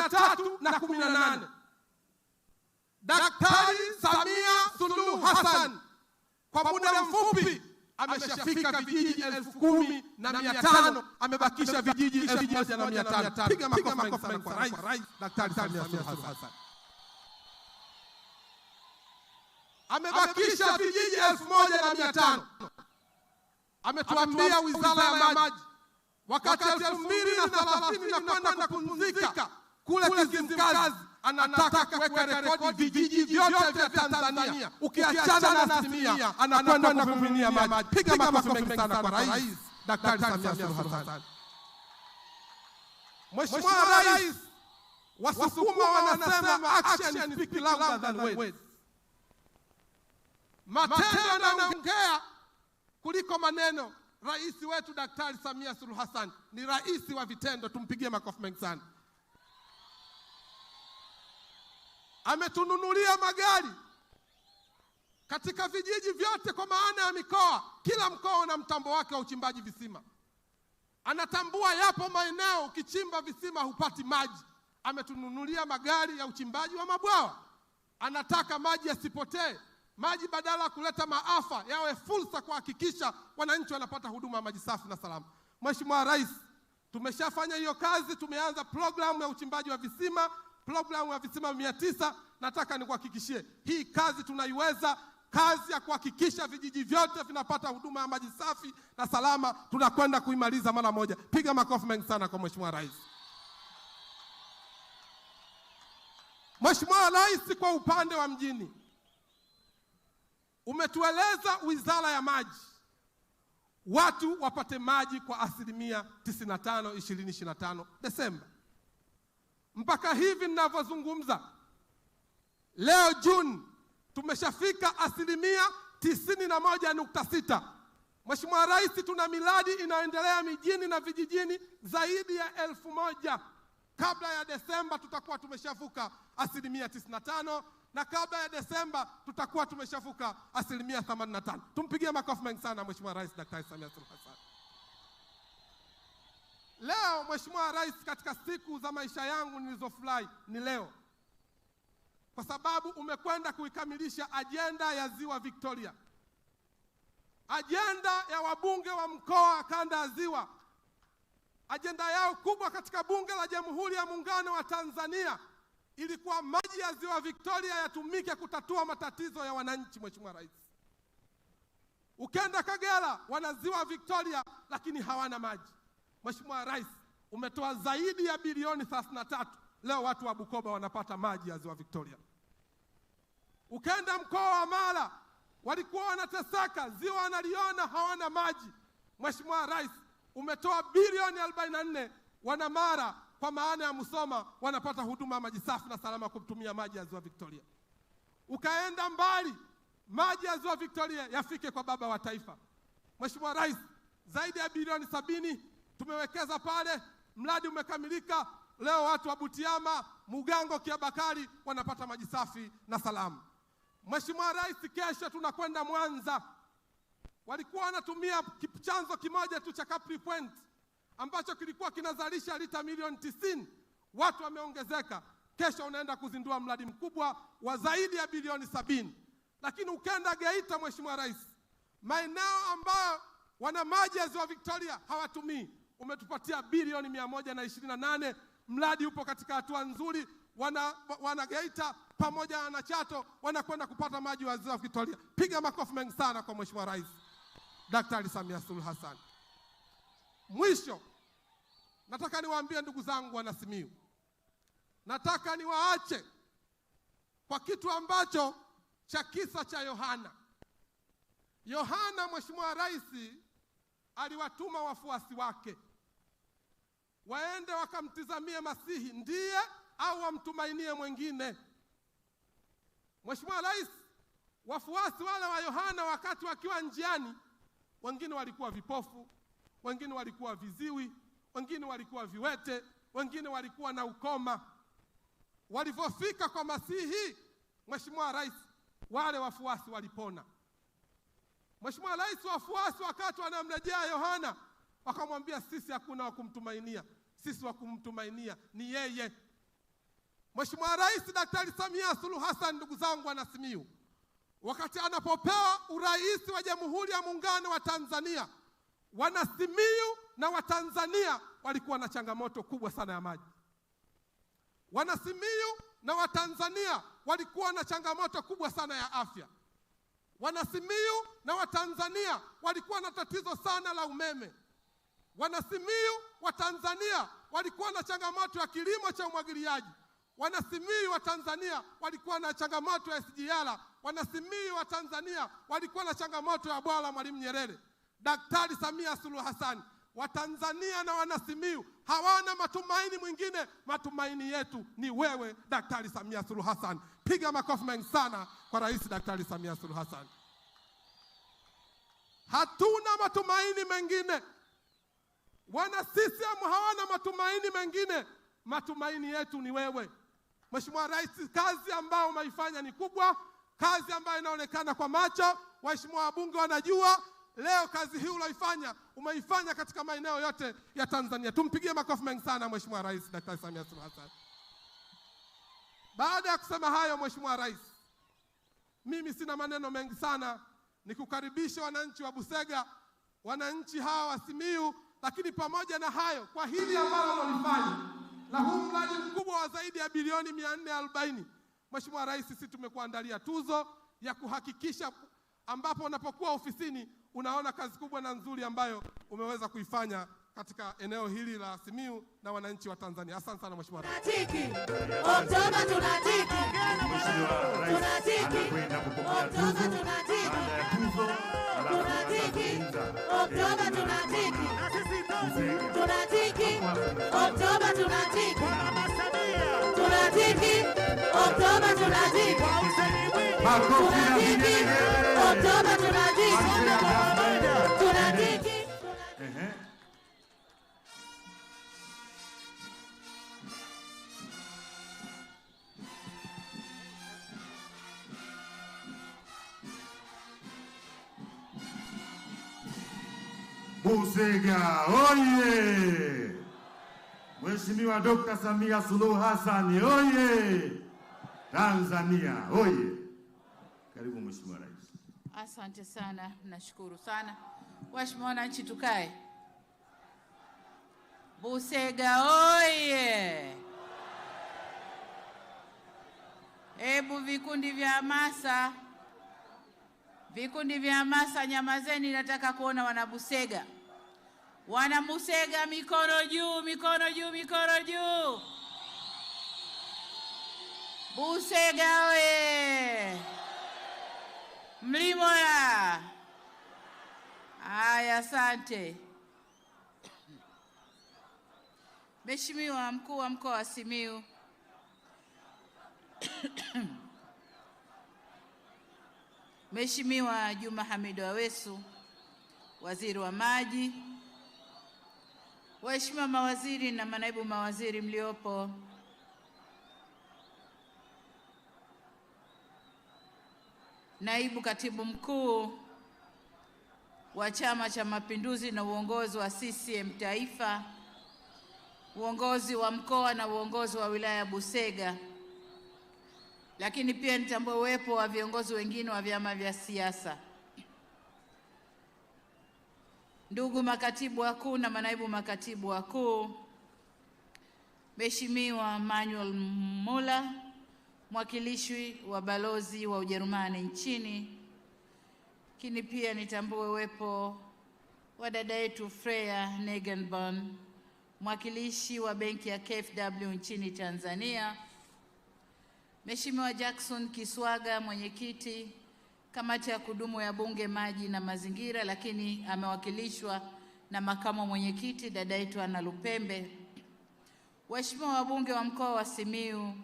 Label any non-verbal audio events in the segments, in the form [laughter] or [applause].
mia tatu na kumi na nane Daktari Samia Suluhu Hassan kwa muda mfupi ameshafika vijiji elfu kumi na mia tano amebakisha vijiji elfu moja na mia tano Piga makofi mengi kwa Rais Daktari Samia Suluhu Hassan. Amebakisha vijiji elfu moja na mia tano Ametuambia wizara ya maji wakati elfu mbili na thelathini na kwenda kupumzika kule Kizimkazi anataka kuweka rekodi vijiji vyote vya Tanzania, ukiachana na Simia, anakwenda na kuviminia maji. Piga makofi mengi sana kwa Rais Daktari Samia Suluhu Hassan. Mheshimiwa Rais, Wasukuma wanasema action speak louder than words. Matendo yanaongea kuliko maneno. Rais wetu Daktari Samia Suluhu Hassan ni rais wa vitendo, tumpigie makofi mengi sana. ametununulia magari katika vijiji vyote kwa maana ya mikoa. Kila mkoa una mtambo wake wa uchimbaji visima. Anatambua yapo maeneo ukichimba visima hupati maji, ametununulia magari ya uchimbaji wa mabwawa. Anataka maji yasipotee, maji badala ya kuleta maafa yawe fursa kuhakikisha wananchi wanapata huduma ya maji safi na salama. Mheshimiwa Rais, tumeshafanya hiyo kazi, tumeanza programu ya uchimbaji wa visima programu ya visima mia tisa. Nataka nikuhakikishie hii kazi tunaiweza, kazi ya kuhakikisha vijiji vyote vinapata huduma ya maji safi na salama, tunakwenda kuimaliza mara moja. Piga makofi mengi sana kwa Mheshimiwa Rais. Mheshimiwa Rais, kwa upande wa mjini umetueleza Wizara ya Maji watu wapate maji kwa asilimia 95 2025 Desemba mpaka hivi ninavyozungumza leo Juni tumeshafika asilimia tisini na moja nukta sita. Mheshimiwa Rais, tuna miradi inayoendelea mijini na vijijini zaidi ya elfu moja. Kabla ya Desemba tutakuwa tumeshavuka asilimia tisini na tano na kabla ya Desemba tutakuwa tumeshavuka asilimia 85. Tumpigie makofi mengi sana Mheshimiwa Rais Daktari Samia Suluhu Hassan. Leo Mheshimiwa Rais, katika siku za maisha yangu nilizofurahi ni leo, kwa sababu umekwenda kuikamilisha ajenda ya Ziwa Victoria, ajenda ya wabunge wa mkoa wa kanda ya Ziwa, ajenda yao kubwa katika Bunge la Jamhuri ya Muungano wa Tanzania ilikuwa maji ya Ziwa Victoria yatumike kutatua matatizo ya wananchi. Mheshimiwa Rais, ukenda Kagera wana Ziwa Victoria lakini hawana maji. Mheshimiwa Rais, umetoa zaidi ya bilioni 33. Leo watu wa Bukoba wanapata maji ya ziwa Victoria. Ukenda mkoa wa Mara, walikuwa wanateseka, ziwa wanaliona hawana maji. Mheshimiwa Rais, umetoa bilioni 44, wana Mara kwa maana ya Musoma wanapata huduma maji safi na salama kutumia maji ya ziwa Victoria. Ukaenda mbali, maji ya ziwa Victoria yafike kwa baba wa taifa. Mheshimiwa Rais, zaidi ya bilioni sabini tumewekeza pale mradi umekamilika. Leo watu wa Butiama, Mugango, Kiabakari wanapata maji safi na salamu. Mheshimiwa Rais, kesho tunakwenda Mwanza. Walikuwa wanatumia chanzo kimoja tu cha Capri Point ambacho kilikuwa kinazalisha lita milioni tisini. Watu wameongezeka. Kesho unaenda kuzindua mradi mkubwa wa zaidi ya bilioni sabini. Lakini ukenda Geita, Mheshimiwa Rais, maeneo ambayo wana maji ya Ziwa Victoria hawatumii umetupatia bilioni mia moja na ishirini na nane. Mradi upo katika hatua nzuri, wana Wanageita pamoja na Chato wanakwenda kupata maji wa ziwa Victoria. Piga makofi mengi sana kwa Mheshimiwa Rais Daktari Samia Suluhu Hassan. Mwisho, nataka niwaambie ndugu zangu wana simiu nataka niwaache kwa kitu ambacho cha kisa cha Yohana. Yohana, Mheshimiwa Rais aliwatuma wafuasi wake waende wakamtizamie Masihi ndiye au wamtumainie mwengine? Mheshimiwa Rais, wafuasi wale wa Yohana wakati wakiwa njiani, wengine walikuwa vipofu, wengine walikuwa viziwi, wengine walikuwa viwete, wengine walikuwa na ukoma. Walivyofika kwa Masihi, Mheshimiwa Rais, wale wafuasi walipona. Mheshimiwa Rais, wafuasi wakati wanamrejea Yohana wakamwambia sisi hakuna wa kumtumainia, sisi wa kumtumainia ni yeye Mheshimiwa Rais Daktari Samia Suluhu Hassan. Ndugu zangu wanasimiu, wakati anapopewa urais wa Jamhuri ya Muungano wa Tanzania, wanasimiu na Watanzania walikuwa na changamoto kubwa sana ya maji. Wanasimiu na Watanzania walikuwa na changamoto kubwa sana ya afya. Wanasimiu na Watanzania walikuwa na tatizo sana la umeme wanasimiu wa Tanzania walikuwa na changamoto ya kilimo cha umwagiliaji. wanasimiu wa Tanzania walikuwa na changamoto ya SGR. Wanasimiu wa Tanzania walikuwa na changamoto ya bwawa la Mwalimu Nyerere. Daktari Samia Suluhu Hassan, Watanzania na Wanasimiu hawana matumaini mwingine, matumaini yetu ni wewe, Daktari Samia Suluhu Hassan. Piga makofi mengi sana kwa Rais Daktari Samia Suluhu Hassan. Hatuna matumaini mengine Wana CCM hawana matumaini mengine, matumaini yetu ni wewe Mheshimiwa Rais. Kazi ambayo umeifanya ni kubwa, kazi ambayo inaonekana kwa macho, waheshimiwa wabunge wanajua leo kazi hii uloifanya umeifanya katika maeneo yote ya Tanzania. Tumpigie makofi mengi sana Mheshimiwa Rais Daktari Samia Suluhu Hassan. Baada ya kusema hayo, Mheshimiwa Rais, mimi sina maneno mengi sana, nikukaribisha wananchi wa Busega, wananchi hawa wa Simiyu lakini pamoja na hayo, kwa hili ambalo walifanya na huu mradi mkubwa wa zaidi ya bilioni 440, Mheshimiwa Rais, sisi tumekuandalia tuzo ya kuhakikisha ambapo unapokuwa ofisini unaona kazi kubwa na nzuri ambayo umeweza kuifanya katika eneo hili la simiu na wananchi wa Tanzania. Asante sana Mheshimiwa Rais. Oktoba tunatiki. tunatiki. Oktoba tunatiki Oktoba, tunatiki tunatiki Oktoba, tunatiki Oktoba, tunatiki Busega oye! Mheshimiwa Dr. Samia Suluhu Hassan oye! Tanzania oye! Karibu Mheshimiwa Rais. Asante sana, nashukuru sana. Waheshimiwa wananchi, tukae. Busega oye! Hebu vikundi vya hamasa, vikundi vya hamasa nyamazeni, nataka kuona wanabusega. Wanamusega mikono juu, mikono juu, mikono juu. Busega oye! Mlimoya! Haya, asante. Mheshimiwa Mkuu wa Mkoa wa Simiyu Mheshimiwa Juma Hamid Awesu, Waziri wa Maji Waheshimiwa mawaziri na manaibu mawaziri mliopo, naibu katibu mkuu wa Chama cha Mapinduzi na uongozi wa CCM Taifa, uongozi wa mkoa na uongozi wa wilaya ya Busega, lakini pia nitambua uwepo wa viongozi wengine wa vyama vya siasa. ndugu makatibu wakuu na manaibu makatibu wakuu, Mheshimiwa Manuel Muller, mwakilishi wa balozi wa Ujerumani nchini, lakini pia nitambue uwepo wa dada yetu Freya Negenborn, mwakilishi wa benki ya KfW nchini Tanzania, Mheshimiwa Jackson Kiswaga, mwenyekiti kamati ya kudumu ya Bunge maji na mazingira, lakini amewakilishwa na makamu mwenyekiti dada yetu Ana Lupembe. Waheshimiwa wabunge wa mkoa wa Simiyu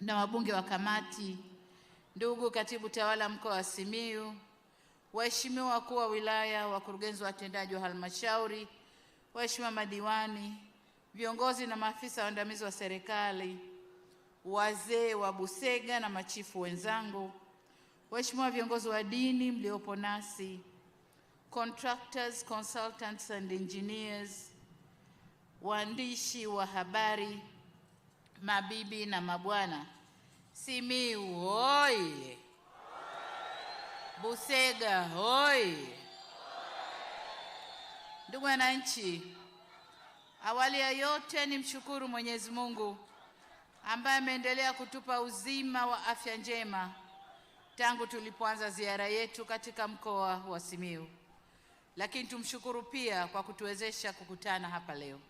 na wabunge wa kamati, ndugu katibu tawala mkoa wa Simiyu, waheshimiwa wakuu wa wilaya, wakurugenzi watendaji wa halmashauri, waheshimiwa madiwani, viongozi na maafisa waandamizi wa serikali, wazee wa Busega na machifu wenzangu Waheshimiwa viongozi wa dini mliopo nasi, contractors, consultants and engineers, waandishi wa habari, mabibi na mabwana, Simiyu oye! Busega oye! Ndugu wananchi, awali ya yote ni mshukuru Mwenyezi Mungu ambaye ameendelea kutupa uzima wa afya njema tangu tulipoanza ziara yetu katika mkoa wa Simiyu, lakini tumshukuru pia kwa kutuwezesha kukutana hapa leo.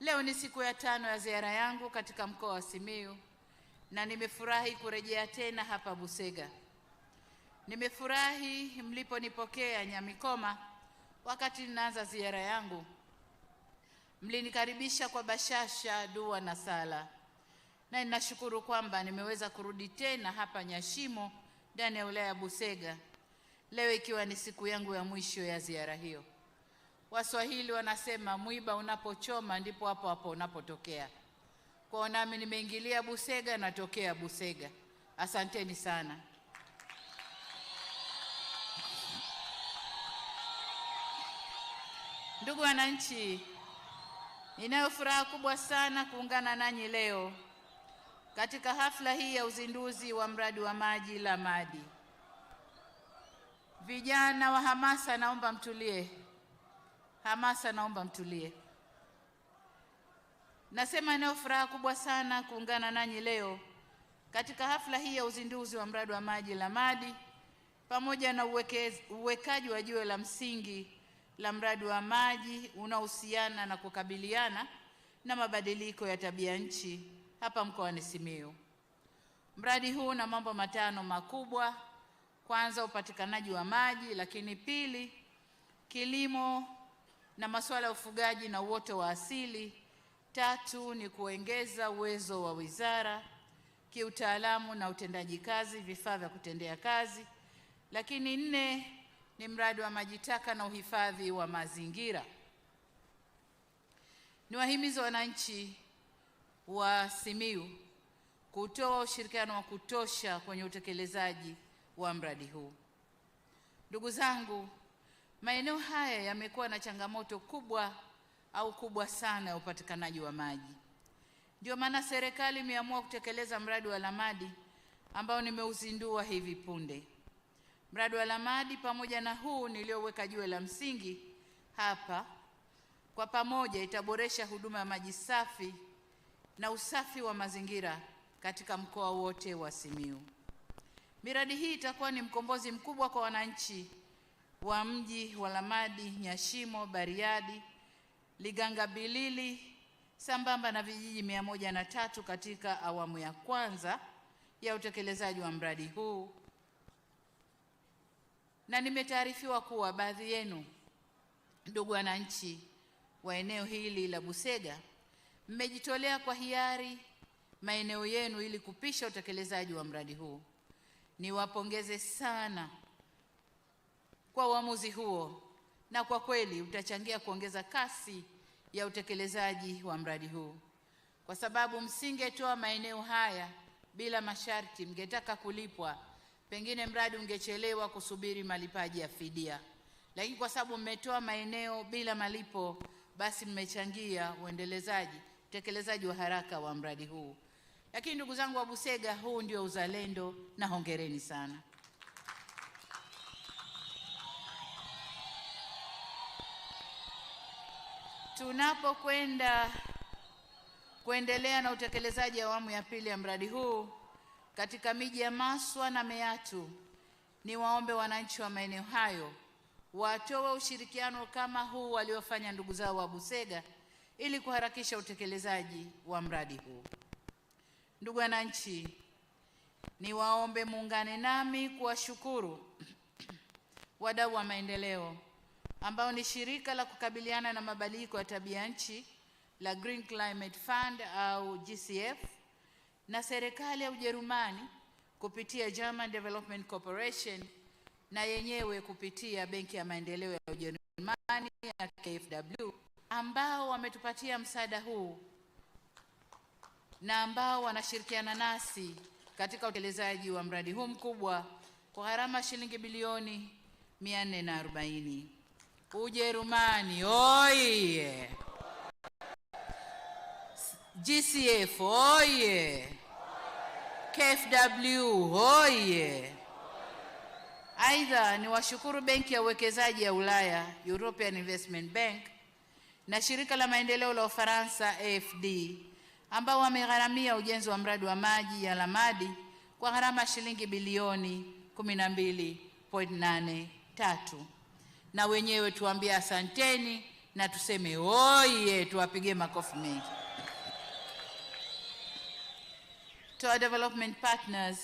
Leo ni siku ya tano ya ziara yangu katika mkoa wa Simiyu na nimefurahi kurejea tena hapa Busega. Nimefurahi mliponipokea Nyamikoma wakati ninaanza ziara yangu, mlinikaribisha kwa bashasha, dua na sala na ninashukuru kwamba nimeweza kurudi tena hapa Nyashimo ndani ya wilaya ya Busega leo ikiwa ni siku yangu ya mwisho ya ziara hiyo. Waswahili wanasema mwiba unapochoma ndipo hapo hapo unapotokea. Kwa nami nimeingilia Busega, natokea Busega. Asanteni sana. Ndugu wananchi, ninayo furaha kubwa sana kuungana nanyi leo katika hafla hii ya uzinduzi wa mradi wa maji Lamadi. Vijana wa hamasa, naomba mtulie. Hamasa, naomba mtulie. Nasema nayo furaha kubwa sana kuungana nanyi leo katika hafla hii ya uzinduzi wa mradi wa maji Lamadi pamoja na uwekaji wa jiwe la msingi la mradi wa maji unaohusiana na kukabiliana na mabadiliko ya tabia nchi hapa mkoani Simiyu. Mradi huu una mambo matano makubwa: kwanza, upatikanaji wa maji, lakini pili, kilimo na masuala ya ufugaji na uoto wa asili, tatu, ni kuongeza uwezo wa wizara kiutaalamu na utendaji kazi, vifaa vya kutendea kazi, lakini nne, ni mradi wa maji taka na uhifadhi wa mazingira. Niwahimize wananchi wa Simiyu kutoa ushirikiano wa kutosha kwenye utekelezaji wa mradi huu. Ndugu zangu, maeneo haya yamekuwa na changamoto kubwa au kubwa sana ya upatikanaji wa maji. Ndio maana serikali imeamua kutekeleza mradi wa Lamadi ambao nimeuzindua hivi punde. Mradi wa Lamadi pamoja na huu niliyoweka jiwe la msingi hapa, kwa pamoja itaboresha huduma ya maji safi na usafi wa mazingira katika mkoa wote wa Simiyu. Miradi hii itakuwa ni mkombozi mkubwa kwa wananchi wa mji wa Lamadi, Nyashimo, Bariadi, liganga bilili sambamba na vijiji mia moja na tatu katika awamu ya kwanza ya utekelezaji wa mradi huu, na nimetaarifiwa kuwa baadhi yenu ndugu wananchi wa eneo hili la Busega Mmejitolea kwa hiari maeneo yenu ili kupisha utekelezaji wa mradi huu. Niwapongeze sana kwa uamuzi huo, na kwa kweli utachangia kuongeza kasi ya utekelezaji wa mradi huu, kwa sababu msingetoa maeneo haya bila masharti, mngetaka kulipwa, pengine mradi ungechelewa kusubiri malipaji ya fidia. Lakini kwa sababu mmetoa maeneo bila malipo, basi mmechangia uendelezaji utekelezaji wa haraka wa mradi huu. Lakini ndugu zangu wa Busega, huu ndio uzalendo na hongereni sana. Tunapokwenda kuendelea na utekelezaji awamu ya pili ya mradi huu katika miji ya Maswa na Meatu, ni waombe wananchi wa maeneo hayo watoe ushirikiano kama huu waliofanya ndugu zao wa Busega ili kuharakisha utekelezaji wa mradi huu. Ndugu wananchi, niwaombe muungane nami kuwashukuru [clears throat] wadau wa maendeleo ambao ni shirika la kukabiliana na mabadiliko ya tabia nchi la Green Climate Fund au GCF na serikali ya Ujerumani kupitia German Development Corporation na yenyewe kupitia Benki ya Maendeleo ya Ujerumani ya KfW ambao wametupatia msaada huu na ambao wanashirikiana nasi katika utekelezaji wa mradi huu mkubwa kwa gharama shilingi bilioni 440. Ujerumani oye! GCF oye! KfW oye! Aidha, ni washukuru benki ya uwekezaji ya Ulaya, European Investment Bank na shirika la maendeleo la Ufaransa AFD ambao wamegharamia ujenzi wa mradi wa maji ya Lamadi kwa gharama ya shilingi bilioni 12.83 na wenyewe tuambie asanteni na tuseme oye, tuwapige makofi mengi. To our development partners,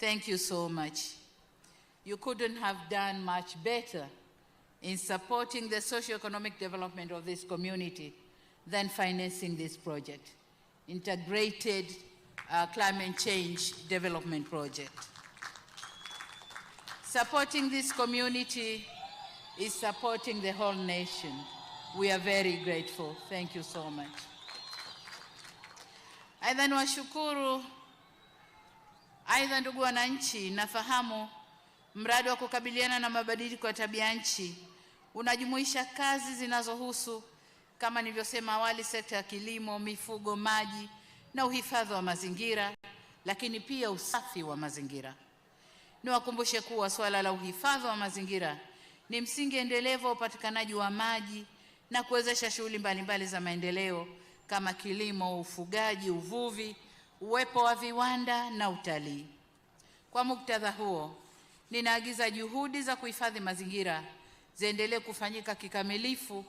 thank you so much. You couldn't have done much better. in supporting the socio-economic development of this community than financing this project, integrated uh, climate change development project. supporting this community is supporting the whole nation. We are very grateful. Thank you so much. Aidha niwashukuru. Aidha ndugu wananchi, nafahamu mradi wa kukabiliana na mabadiliko ya tabia nchi unajumuisha kazi zinazohusu kama nilivyosema awali, sekta ya kilimo, mifugo, maji na uhifadhi wa mazingira, lakini pia usafi wa mazingira. Niwakumbushe kuwa suala la uhifadhi wa mazingira ni msingi endelevu wa upatikanaji wa maji na kuwezesha shughuli mbalimbali za maendeleo kama kilimo, ufugaji, uvuvi, uwepo wa viwanda na utalii. Kwa muktadha huo, ninaagiza juhudi za kuhifadhi mazingira ziendelee kufanyika kikamilifu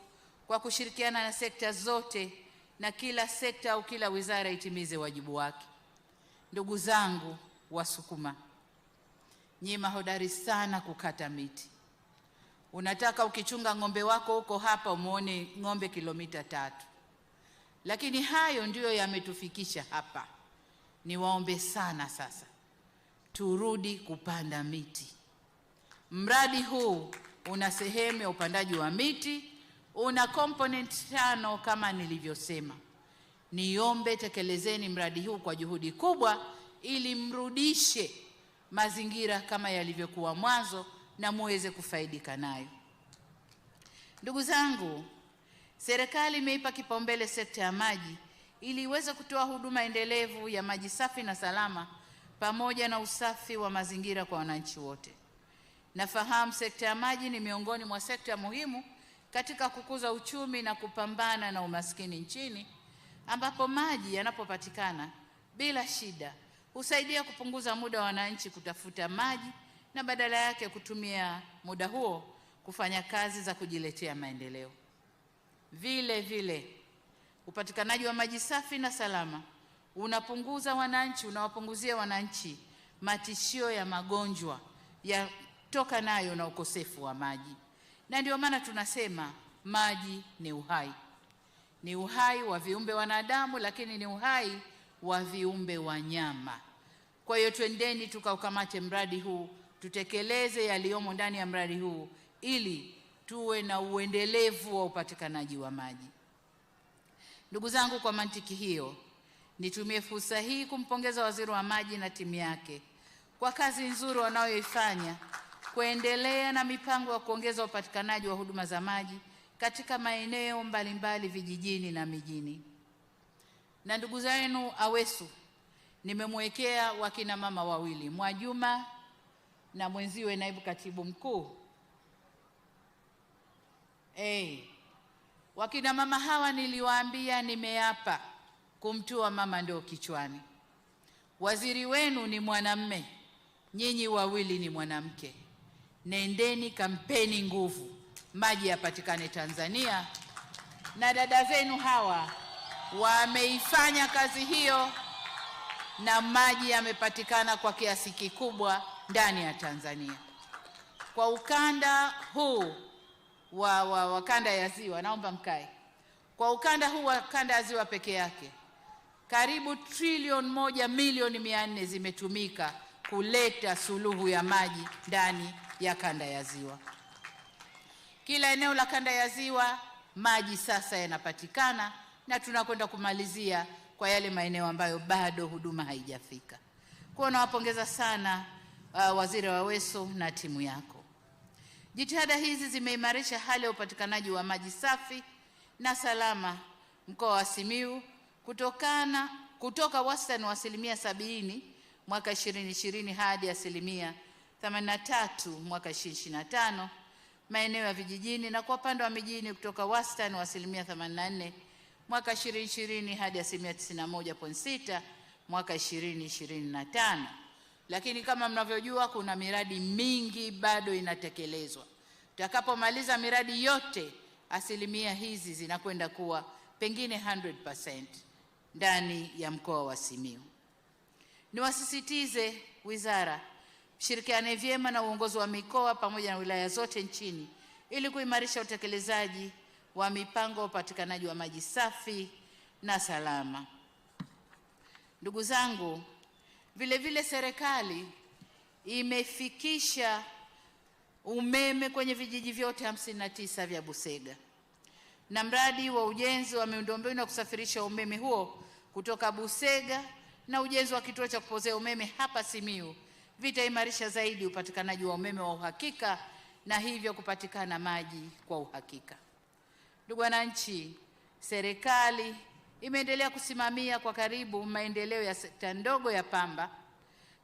kwa kushirikiana na sekta zote na kila sekta au kila wizara itimize wajibu wake. Ndugu zangu Wasukuma, nyie mahodari sana kukata miti. Unataka ukichunga ng'ombe wako huko hapa umwone ng'ombe kilomita tatu, lakini hayo ndiyo yametufikisha hapa. Niwaombe sana sasa, turudi kupanda miti. Mradi huu una sehemu ya upandaji wa miti, una component tano kama nilivyosema. Niombe tekelezeni mradi huu kwa juhudi kubwa, ili mrudishe mazingira kama yalivyokuwa mwanzo na muweze kufaidika nayo. Ndugu zangu, serikali imeipa kipaumbele sekta ya maji ili iweze kutoa huduma endelevu ya maji safi na salama pamoja na usafi wa mazingira kwa wananchi wote. Nafahamu sekta ya maji ni miongoni mwa sekta muhimu katika kukuza uchumi na kupambana na umaskini nchini, ambapo maji yanapopatikana bila shida husaidia kupunguza muda wa wananchi kutafuta maji na badala yake kutumia muda huo kufanya kazi za kujiletea maendeleo. Vile vile upatikanaji wa maji safi na salama unapunguza wananchi, unawapunguzia wananchi matishio ya magonjwa ya toka nayo na ukosefu wa maji. Na ndio maana tunasema maji ni uhai, ni uhai wa viumbe wanadamu, lakini ni uhai wa viumbe wanyama. Kwa hiyo twendeni tukaukamate mradi huu, tutekeleze yaliyomo ndani ya mradi huu ili tuwe na uendelevu wa upatikanaji wa maji. Ndugu zangu, kwa mantiki hiyo, nitumie fursa hii kumpongeza Waziri wa Maji na timu yake kwa kazi nzuri wanayoifanya kuendelea na mipango ya kuongeza upatikanaji wa huduma za maji katika maeneo mbalimbali vijijini na mijini. Na ndugu zenu AWESU nimemwekea wakina mama wawili, Mwajuma na mwenziwe naibu katibu mkuu. Hey, eh, wakina mama hawa niliwaambia, nimeapa kumtua mama ndio kichwani. Waziri wenu ni mwanamme, nyinyi wawili ni mwanamke nendeni kampeni nguvu, maji yapatikane Tanzania. Na dada zenu hawa wameifanya kazi hiyo na maji yamepatikana kwa kiasi kikubwa ndani ya Tanzania. Kwa ukanda huu wa, wa, wa kanda ya ziwa, naomba mkae. Kwa ukanda huu wa kanda ya ziwa peke yake karibu trilioni moja milioni mia nne zimetumika kuleta suluhu ya maji ndani ya kanda ya Ziwa. Kila eneo la kanda ya Ziwa maji sasa yanapatikana, na tunakwenda kumalizia kwa yale maeneo ambayo bado huduma haijafika. Kwa nawapongeza sana uh, Waziri Weso na timu yako. Jitihada hizi zimeimarisha hali ya upatikanaji wa maji safi na salama mkoa wa Simiyu kutokana kutoka wastani wa asilimia sabini mwaka 2020 hadi asilimia 83 mwaka 2025 maeneo ya vijijini, na kwa upande wa mijini kutoka wastani wa asilimia 84 mwaka 2020 hadi asilimia 91.6 mwaka 2025. Lakini kama mnavyojua, kuna miradi mingi bado inatekelezwa. Tutakapomaliza miradi yote, asilimia hizi zinakwenda kuwa pengine 100% ndani ya mkoa wa Simiyu. Niwasisitize wizara shirikiane vyema na uongozi wa mikoa pamoja na wilaya zote nchini ili kuimarisha utekelezaji wa mipango ya upatikanaji wa maji safi na salama. Ndugu zangu, vile vile serikali imefikisha umeme kwenye vijiji vyote hamsini tisa vya Busega na mradi wa ujenzi wa miundombinu ya kusafirisha umeme huo kutoka Busega na ujenzi wa kituo cha kupozea umeme hapa Simiyu vitaimarisha zaidi upatikanaji wa umeme wa uhakika na hivyo kupatikana maji kwa uhakika. Ndugu wananchi, serikali imeendelea kusimamia kwa karibu maendeleo ya sekta ndogo ya pamba.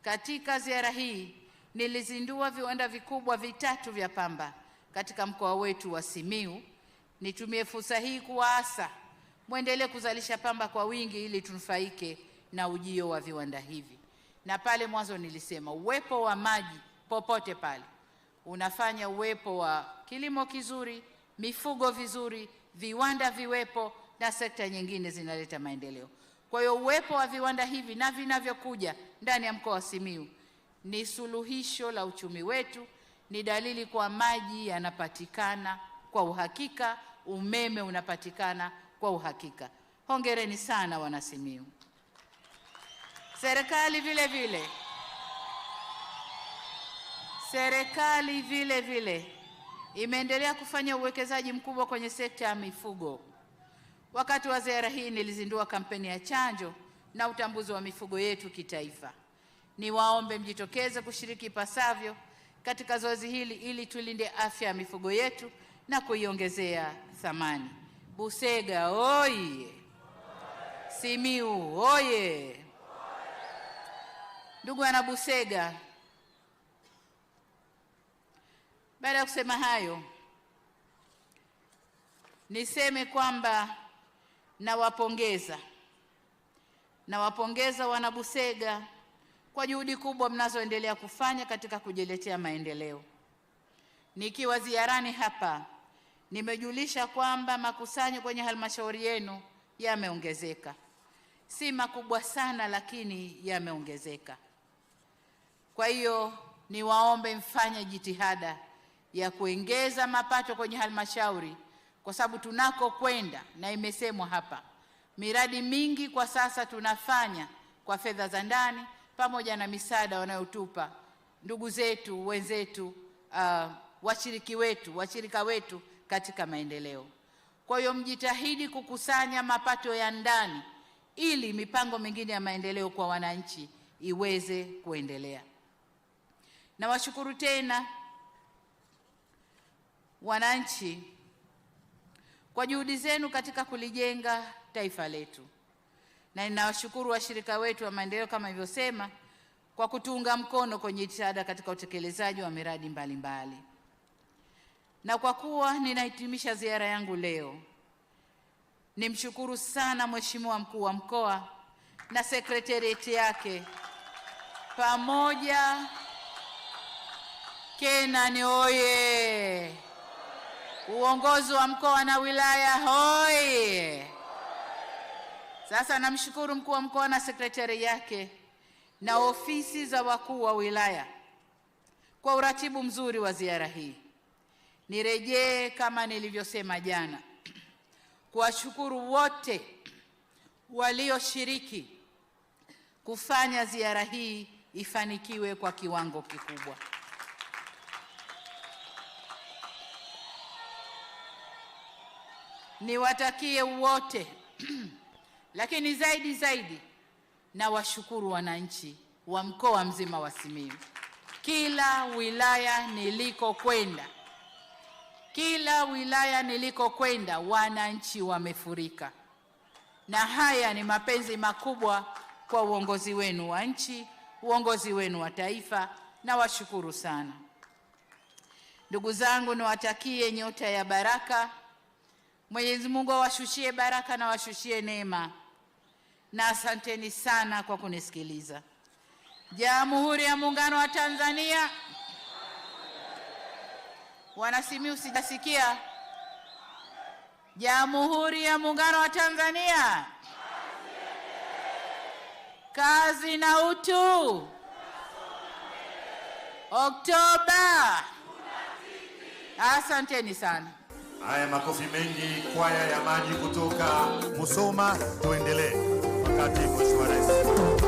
Katika ziara hii nilizindua viwanda vikubwa vitatu vya pamba katika mkoa wetu wa Simiyu. Nitumie fursa hii kuwaasa mwendelee kuzalisha pamba kwa wingi ili tunufaike na ujio wa viwanda hivi. Na pale mwanzo nilisema uwepo wa maji popote pale unafanya uwepo wa kilimo kizuri, mifugo vizuri, viwanda viwepo, na sekta nyingine zinaleta maendeleo. Kwa hiyo uwepo wa viwanda hivi na vinavyokuja ndani ya mkoa wa Simiyu ni suluhisho la uchumi wetu, ni dalili kwa maji yanapatikana kwa uhakika, umeme unapatikana kwa uhakika. Hongereni sana wana Simiyu. Serikali vile vile, serikali vile vile imeendelea kufanya uwekezaji mkubwa kwenye sekta ya mifugo. Wakati wa ziara hii nilizindua kampeni ya chanjo na utambuzi wa mifugo yetu kitaifa. Niwaombe mjitokeze kushiriki ipasavyo katika zoezi hili ili tulinde afya ya mifugo yetu na kuiongezea thamani. Busega oye! Simiu oye! ndugu wanabusega Baada ya kusema hayo, niseme kwamba nawapongeza, nawapongeza Wanabusega kwa juhudi kubwa mnazoendelea kufanya katika kujiletea maendeleo. Nikiwa ziarani hapa, nimejulisha kwamba makusanyo kwenye halmashauri yenu yameongezeka, si makubwa sana, lakini yameongezeka. Kwa hiyo niwaombe mfanye jitihada ya kuongeza mapato kwenye halmashauri, kwa sababu tunakokwenda, na imesemwa hapa, miradi mingi kwa sasa tunafanya kwa fedha za ndani pamoja na misaada wanayotupa ndugu zetu wenzetu, uh, washiriki wetu, washirika wetu katika maendeleo. Kwa hiyo mjitahidi kukusanya mapato ya ndani ili mipango mingine ya maendeleo kwa wananchi iweze kuendelea. Nawashukuru tena wananchi kwa juhudi zenu katika kulijenga taifa letu, na ninawashukuru washirika wetu wa maendeleo kama ilivyosema, kwa kutuunga mkono kwenye jitihada katika utekelezaji wa miradi mbalimbali mbali. Na kwa kuwa ninahitimisha ziara yangu leo, nimshukuru sana Mheshimiwa Mkuu wa Mkoa na sekretarieti yake pamoja Kenani oye! Uongozi wa mkoa na wilaya hoye! Sasa namshukuru mkuu wa mkoa na sekretari yake na ofisi za wakuu wa wilaya kwa uratibu mzuri wa ziara hii. Nirejee kama nilivyosema jana, kuwashukuru wote walioshiriki kufanya ziara hii ifanikiwe kwa kiwango kikubwa. niwatakie wote [clears throat] lakini zaidi zaidi na washukuru wananchi wa mkoa mzima wa Simiyu. Kila wilaya nilikokwenda, kila wilaya nilikokwenda, wananchi wamefurika, na haya ni mapenzi makubwa kwa uongozi wenu wa nchi, uongozi wenu wa taifa, na washukuru sana. Ndugu zangu, niwatakie nyota ya baraka Mwenyezi Mungu awashushie baraka na washushie neema, na asanteni sana kwa kunisikiliza. Jamhuri ya Muungano wa Tanzania. Wanasimiu sijasikia. Jamhuri ya Muungano wa Tanzania. Kazi na utu. Oktoba. Asanteni sana. Haya, makofi mengi kwaya ya maji kutoka Musoma, tuendelee wakati mheshimiwa rais